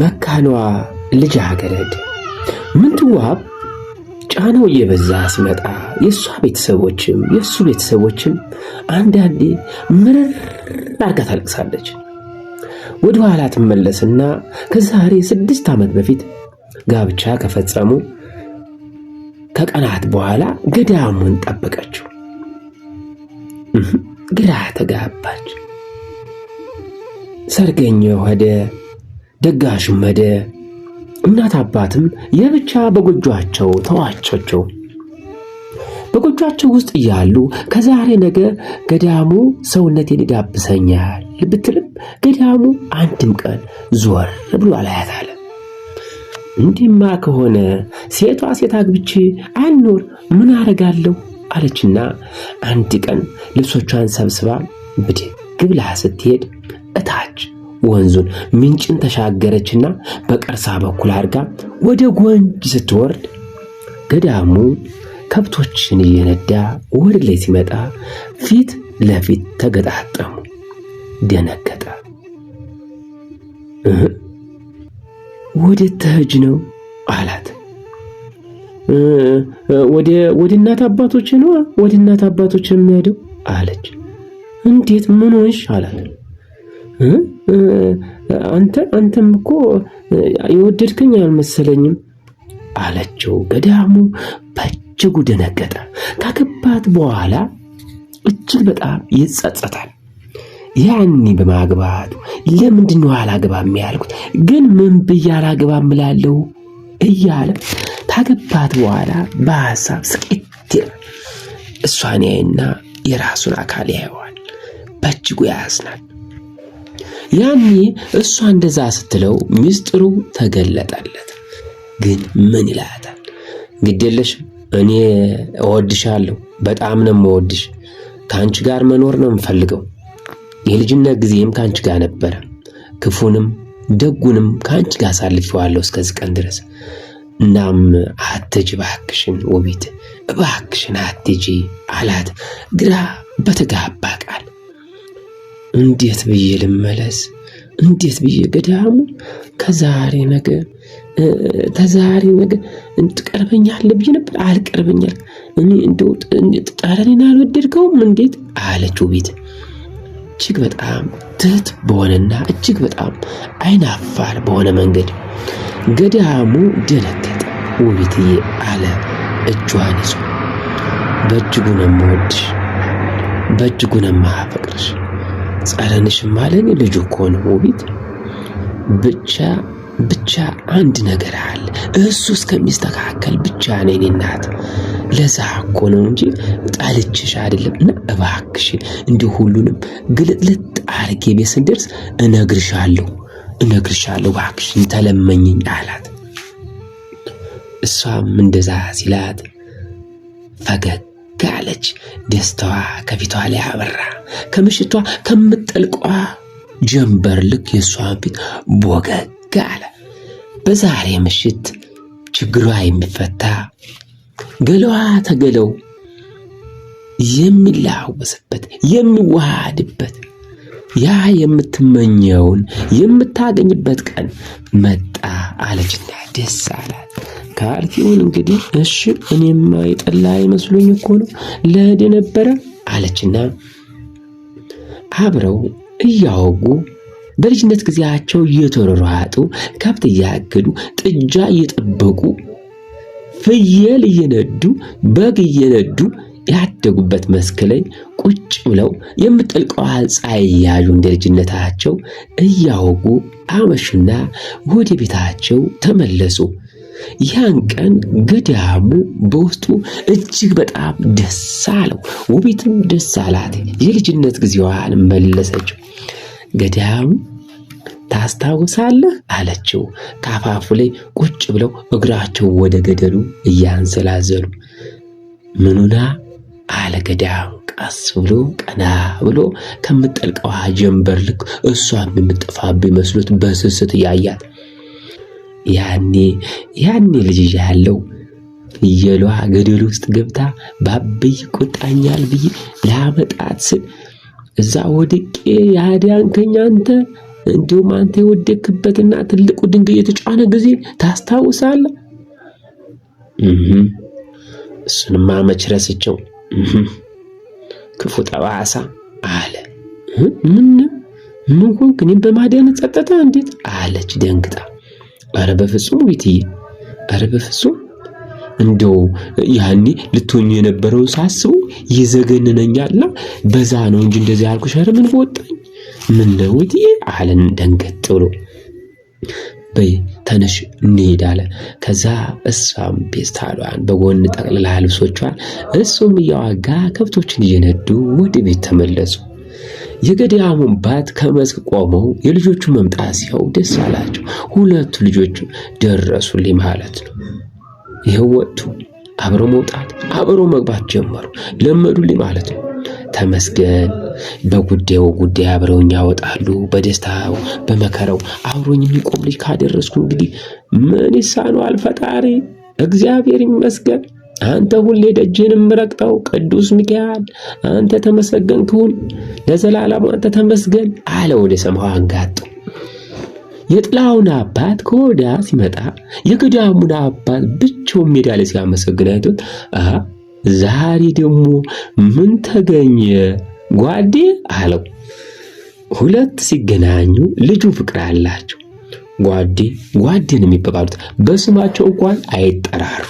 መካኗ ልጅ አገረድ ምንትዋብ ጫነው እየበዛ ሲመጣ የእሷ ቤተሰቦችም የእሱ ቤተሰቦችም አንዳንዴ ምርር አርጋ ታለቅሳለች። ወደ ኋላ ትመለስና ከዛሬ ስድስት ዓመት በፊት ጋብቻ ከፈጸሙ ከቀናት በኋላ ገዳሙን ጠበቀችው። ግራ ተጋባች። ሰርገኛው ወደ ደጋሽ መደ እናት አባትም የብቻ በጎጇቸው ተዋቸቸው። በጎጆቸው ውስጥ እያሉ ከዛሬ ነገ ገዳሙ ሰውነቴን ይዳብሰኛል ብትልም ገዳሙ አንድም ቀን ዞር ብሎ አላያት አለ። ከሆነ ሴቷ ሴት አግብቼ አልኖር ምን አረጋለሁ አለችና አንድ ቀን ልብሶቿን ሰብስባ ብድግ ብላ ስትሄድ እታች ወንዙን ምንጭን ተሻገረችና በቀርሳ በኩል አድርጋ ወደ ጎንጅ ስትወርድ ገዳሙ ከብቶችን እየነዳ ወደ ላይ ሲመጣ ፊት ለፊት ተገጣጠሙ። ደነገጠ። ወደ ተህጅ ነው አላት። ወደ እናት አባቶች ነው ወደ እናት አባቶች የሚሄደው አለች። እንዴት ምን ሆንሽ አላት። አንተ አንተም እኮ የወደድከኝ አልመሰለኝም አለችው። ገዳሙ በእጅጉ ደነገጠ። ካገባት በኋላ እጅግ በጣም ይጸጸታል። ያኔ በማግባቱ ለምንድን ነው አላግባ የሚያልኩት? ግን ምን ብዬ አላገባም እላለሁ እያለ ታገባት በኋላ በሀሳብ ስቅት ይላል። እሷን ያይና የራሱን አካል ያየዋል። በእጅጉ ያዝናል። ያኔ እሷ እንደዛ ስትለው ሚስጥሩ ተገለጠለት። ግን ምን ይላታል? ግድ እኔ እወድሻለሁ፣ በጣም ነው የምወድሽ፣ ከአንቺ ጋር መኖር ነው የምፈልገው። የልጅነት ጊዜም ከአንቺ ጋር ነበረ፣ ክፉንም ደጉንም ከአንቺ ጋር አሳልፌዋለሁ እስከዚህ ቀን ድረስ። እናም አትሂጂ እባክሽን ውቢት፣ እባክሽን አትጂ አላት ግራ በተጋባ ቃል እንዴት ብዬ ልመለስ? እንዴት ብዬ ገዳሙ ከዛሬ ነገ ተዛሬ ነገ ትቀርበኛል ብዬ ነበር። አልቀርበኛል እኔ እንደው ጠረኔን አልወደድከውም እንዴት አለችው ቤት እጅግ በጣም ትህት በሆነና እጅግ በጣም አይን አፋር በሆነ መንገድ ገዳሙ ደነገጠ። ውቤትዬ አለ እጇን ይዞ በእጅጉ ነው የምወድሽ፣ በእጅጉ ነው የማፈቅርሽ ጸረንሽ ለእኔ ልጁ እኮ ነው። ውቢት ብቻ ብቻ አንድ ነገር አለ። እሱ እስከሚስተካከል ብቻ ነው የኔ እናት። ለዛ እኮ ነው እንጂ ጣልችሽ አይደለም። እና እባክሽን እንዲሁ ሁሉንም ግልጥልጥ አርጌ ቤት ስንደርስ እነግርሻለሁ፣ እነግርሻለሁ እባክሽን ተለመኝኝ አላት። እሷም እንደዛ ሲላት ፈገግ ፈገግ አለች። ደስታዋ ከፊቷ ላይ አበራ። ከምሽቷ ከምጠልቋ ጀንበር ልክ የእሷን ፊት ቦገግ አለ። በዛሬ ምሽት ችግሯ የሚፈታ ገለዋ ተገለው የሚላወስበት የሚዋሃድበት ያ የምትመኘውን የምታገኝበት ቀን መጣ አለችና ደስ አላት። ካርቲውን እንግዲህ እሺ እኔማ የጠላ ይመስሉኝ እኮ ነው ለእህድ ነበረ አለችና አብረው እያወጉ በልጅነት ጊዜያቸው እየተሯሯጡ ከብት እያገዱ ጥጃ እየጠበቁ ፍየል እየነዱ በግ እየነዱ ያደጉበት መስክ ላይ ቁጭ ብለው የምትጠልቀዋ ፀሐይ እያዩ እንደ ልጅነታቸው እያወጉ አመሹና ወደ ቤታቸው ተመለሱ። ያን ቀን ገዳሙ በውስጡ እጅግ በጣም ደስ አለው። ውቢትም ደስ አላት። የልጅነት ጊዜዋን መለሰችው። ገዳሙ ታስታውሳለህ አለችው። ከአፋፉ ላይ ቁጭ ብለው እግራቸው ወደ ገደሉ እያንሰላዘሉ ምኑና አለ ገዳሙ ቀስ ብሎ ቀና ብሎ ከምጠልቀዋ ጀንበር ልክ እሷም የምጠፋብ መስሎት በስስት ያያት ያኔ ያኔ ልጅ ያለው ፍየሏ ገደል ውስጥ ገብታ ባበይ ቁጣኛል ብዬ ላመጣት ስል እዛ ወድቄ ያዳንከኝ አንተ እንዲሁም አንተ የወደክበትና ትልቁ ድንጋይ የተጫነ ጊዜ ታስታውሳለህ? እሱንማ መች ረስቸው ክፉ ጠባሳ አለ። ምን ምን ሆንክ? እኔም በማዳነት ጸጥታ እንዴት አለች ደንግጣ። አረ በፍጹም ቤትዬ፣ አረ በፍጹም እንደው ያኔ ልትሆኝ የነበረውን ሳስቡ ይዘገንነኛልና በዛ ነው እንጂ እንደዚህ ያልኩሽ። አረ ምን በወጣኝ ምን ነው ቤትዬ አለን ደንገጥ ብሎ። በይ ተነሽ እንሄድ አለ። ከዛ እሷም ፔስታሏን በጎን ጠቅልላ ልብሶቿን እሱም እያዋጋ ከብቶችን እየነዱ ወደ ቤት ተመለሱ። የገዳሙን ባት ከመስክ ቆመው የልጆቹ መምጣት ሲያው ደስ አላቸው። ሁለቱ ልጆች ደረሱልኝ ማለት ነው። ይኸው ወጥቱ አብረው መውጣት አብረው መግባት ጀመሩ። ለመዱልኝ ማለት ነው። ተመስገን በጉዳዩ ጉዳይ አብረውኝ ያወጣሉ። በደስታው በመከረው አብሮኝ የሚቆም ልጅ ካደረስኩ እንግዲህ ምን ይሳነዋል? ፈጣሪ እግዚአብሔር ይመስገን። አንተ ሁሌ ደጅህን የምረግጠው ቅዱስ ሚካኤል አንተ ተመሰገን ትሁን፣ ለዘላለም አንተ ተመስገን አለ ወደ ሰማው አንጋጥ። የጥላውን አባት ከወዳ ሲመጣ የገዳሙን አባት ብቻውን ሜዳ ላይ ሲያመሰግን አይቶት ዛሬ ደግሞ ምን ተገኘ ጓዴ አለው። ሁለት ሲገናኙ ልጁ ፍቅር አላቸው። ጓዴ ጓዴ ነው የሚባባሉት። በስማቸው እንኳን አይጠራሩ።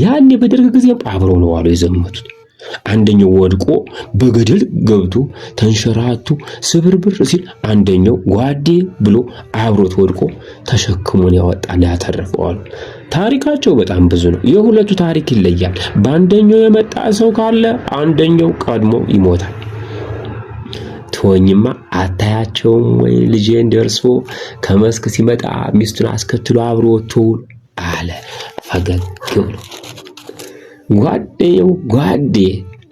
ያኔ በደርግ ጊዜም አብረው ነው አሉ የዘመቱት። አንደኛው ወድቆ በገደል ገብቶ ተንሸራቱ ስብርብር ሲል አንደኛው ጓዴ ብሎ አብሮት ወድቆ ተሸክሞን ያወጣ ያተረፈዋል። ታሪካቸው በጣም ብዙ ነው። የሁለቱ ታሪክ ይለያል። በአንደኛው የመጣ ሰው ካለ አንደኛው ቀድሞ ይሞታል። ትወኝማ አታያቸውም ወይ ልጄን ደርሶ ከመስክ ሲመጣ ሚስቱን አስከትሎ አብሮ ወጥቶ አለ ፈገግ ብሎ ጓደየው ጓዴ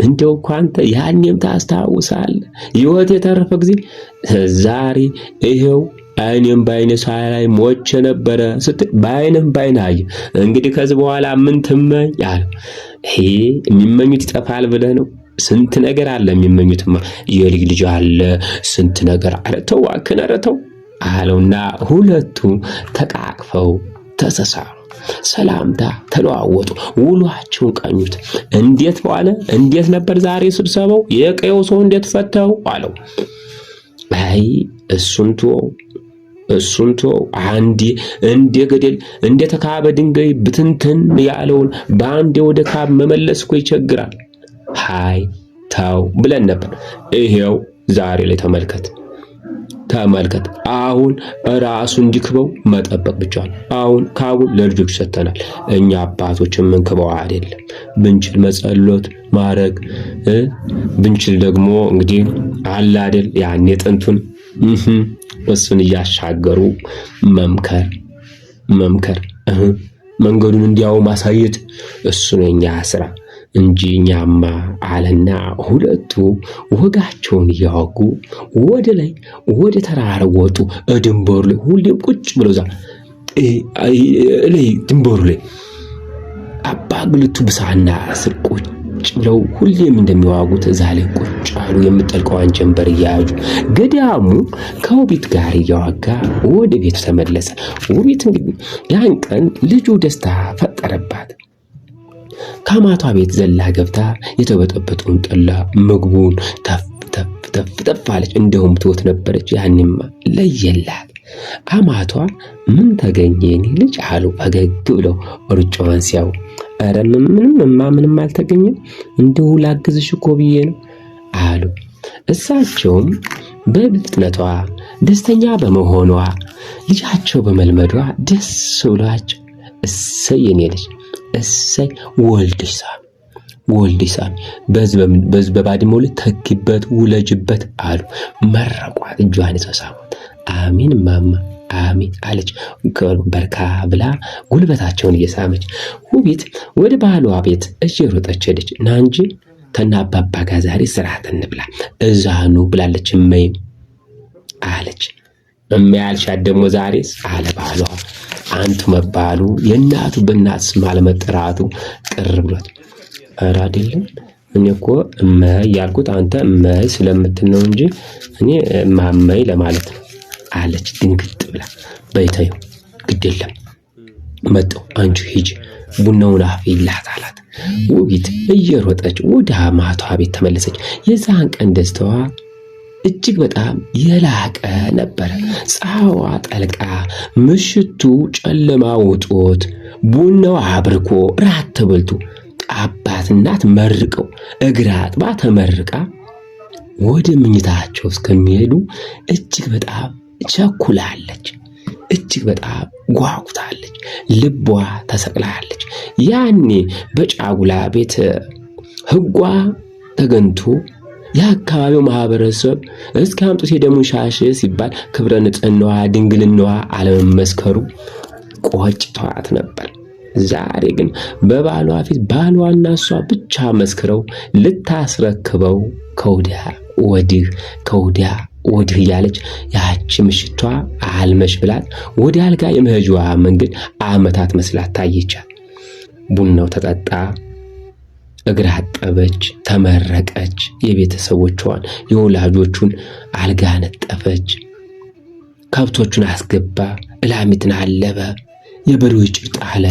እንደው ኳንተ ያኔም ታስታውሳል። ሕይወት የተረፈ ጊዜ ዛሬ ይሄው አይኔም በአይነ ሳያ ላይ ሞቼ ነበረ ስትል በአይንም በአይነ አየ። እንግዲህ ከዚህ በኋላ ምን ትመኝ አለው። ይሄ የሚመኙት ይጠፋል ብለህ ነው። ስንት ነገር አለ የሚመኙትማ፣ የልጅ ልጅ አለ፣ ስንት ነገር አለ። ተው እባክህን፣ ኧረ ተው አለውና ሁለቱ ተቃቅፈው ተሳሳሙ። ሰላምታ ተለዋወጡ። ውሏቸውን ቀኙት። እንዴት ዋለ? እንዴት ነበር ዛሬ ስብሰባው? የቀየው ሰው እንዴት ፈተው አለው። አይ እሱን ቶ እሱን ቶ አንዴ እንደ ገደል እንደ ተካበ ድንጋይ ብትንትን ያለውን በአንዴ ወደ ካብ መመለስ እኮ ይቸግራል። ሃይ ታው ብለን ነበር። ይሄው ዛሬ ላይ ተመልከት። ተመልከት። አሁን ራሱ እንዲክበው መጠበቅ ብቻ ነው። አሁን ካቡ ለልጆች ሰጥተናል። እኛ አባቶች የምንክበው አይደለም። ብንችል መጸሎት ማድረግ ብንችል ደግሞ እንግዲህ አለ አይደል ያኔ ጥንቱን እሱን እያሻገሩ መምከር መምከር መንገዱን እንዲያው ማሳየት እሱ ነው የኛ ስራ። እንጂ እኛማ አለና ሁለቱ ወጋቸውን እያወጉ ወደ ላይ ወደ ተራራ ወጡ። ድንበሩ ላይ ሁሌም ቁጭ ብለው እዛ ላይ ድንበሩ ላይ አባ ግልቱ ብሳና ስር ቁጭ ብለው ሁሌም እንደሚዋጉት እዛ ላይ ቁጭ አሉ። የምጠልቀዋን ጀንበር እያያዩ ገዳሙ ከውቢት ጋር እያዋጋ ወደ ቤቱ ተመለሰ። ውቢት እንግዲህ ያን ቀን ልጁ ደስታ ፈጠረባት። ከአማቷ ቤት ዘላ ገብታ የተበጠበጠውን ጠላ ምግቡን ተፍ ተፍ ተፍ ተፍ አለች። እንደውም ትወት ነበረች። ያንማ ለየላት። አማቷ ምን ተገኘ የኔ ልጅ አሉ ፈገግ ብለው ሩጫዋን ሲያው ኧረ ምንም እማ ምንም አልተገኘም፣ እንዲሁ ላግዝሽ እኮ ብዬ ነው አሉ። እሳቸውም በፍጥነቷ ደስተኛ በመሆኗ ልጃቸው በመልመዷ ደስ ብሏቸው እሰየኔ ልጅ እሰይ ወልድሳ ወልዲሳን በዝ በባድመው ላይ ተኪበት ውለጅበት አሉ። መረቋት፣ እጇን ይዘው አሚን ማማ አሚን አለች። በርካ ብላ ጉልበታቸውን እየሳመች ውቢት ወደ ባሏ ቤት እየሮጠች ሄደች። ና እንጂ ተናባባ ጋር ዛሬ ስርዓት እንብላ እዛኑ ብላለች። እመይም አለች የሚያልሻት ደግሞ ዛሬ አለ ባሏ አንቱ መባሉ የእናቱ በእናት ስም አለመጠራቱ ቅር ብሏት፣ ኧረ አይደለም እኔ እኮ እመይ ያልኩት አንተ እመ ስለምትል ነው እንጂ እኔ ማመይ ለማለት ነው አለች ድንግጥ ብላ። በይታዩ ግድ የለም መጠው አንቺ ሂጂ ቡናውን አፍይላት አላት። ውቢት እየሮጠች ወደ ማቷ ቤት ተመለሰች። የዛን ቀን ደስተዋ እጅግ በጣም የላቀ ነበረ። ፀሐዋ ጠልቃ ምሽቱ ጨለማ ውጦት ቡናው አብርኮ ራት ተበልቶ አባት እናት መርቀው እግር አጥባ ተመርቃ ወደ ምኝታቸው እስከሚሄዱ እጅግ በጣም ቸኩላለች። እጅግ በጣም ጓጉታለች። ልቧ ተሰቅላለች። ያኔ በጫጉላ ቤት ሕጓ ተገንቶ የአካባቢው ማህበረሰብ እስኪ አምጡት የደሙን ሻሽ ሲባል ክብረ ንጽህናዋ፣ ድንግልናዋ አለመመስከሩ ቆጭቷት ነበር። ዛሬ ግን በባሏ ፊት ባሏና እሷ ብቻ መስክረው ልታስረክበው ከወዲያ ወዲህ ከወዲያ ወዲህ እያለች ያቺ ምሽቷ አልመሽ ብላት ወደ አልጋ የመሄጇ መንገድ አመታት መስላት ታየቻል። ቡናው ተጠጣ። እግር አጠበች፣ ተመረቀች፣ የቤተሰቦቿን የወላጆቹን አልጋ ነጠፈች፣ ከብቶቹን አስገባ፣ እላሚትን አለበ፣ የበሬው ጭብጥ አለ።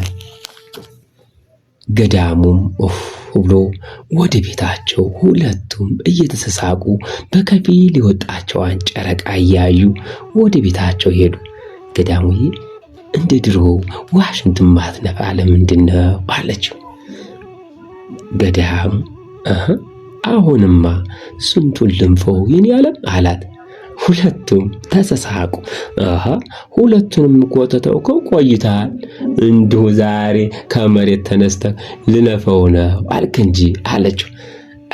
ገዳሙም ኡፍ ብሎ ወደ ቤታቸው ሁለቱም እየተሰሳቁ በከፊል የወጣቸዋን ጨረቃ እያዩ ወደ ቤታቸው ሄዱ። ገዳሙዬ እንደ ድሮ ዋሽንትን ማትነፍ አለ ነው አለችው። በድሃም አሁንማ ስንቱን ልንፈው ይን ያለም አላት። ሁለቱም ተሰሳቁ። አሃ ሁለቱንም ቆጥተው እኮ ቆይተሃል፣ እንዲሁ ዛሬ ከመሬት ተነስተ ልነፈው ነው አልክ እንጂ አለችው።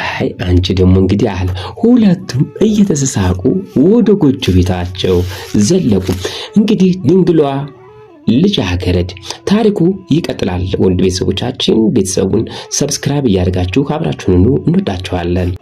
አይ አንቺ ደግሞ እንግዲህ አለ። ሁለቱም እየተሰሳቁ ወደ ጎጆ ቤታቸው ዘለቁ። እንግዲህ ድንግሏ ልጃገረድ ታሪኩ ይቀጥላል። ወንድ ቤተሰቦቻችን ቤተሰቡን ሰብስክራይብ እያደርጋችሁ አብራችሁን እንወዳችኋለን።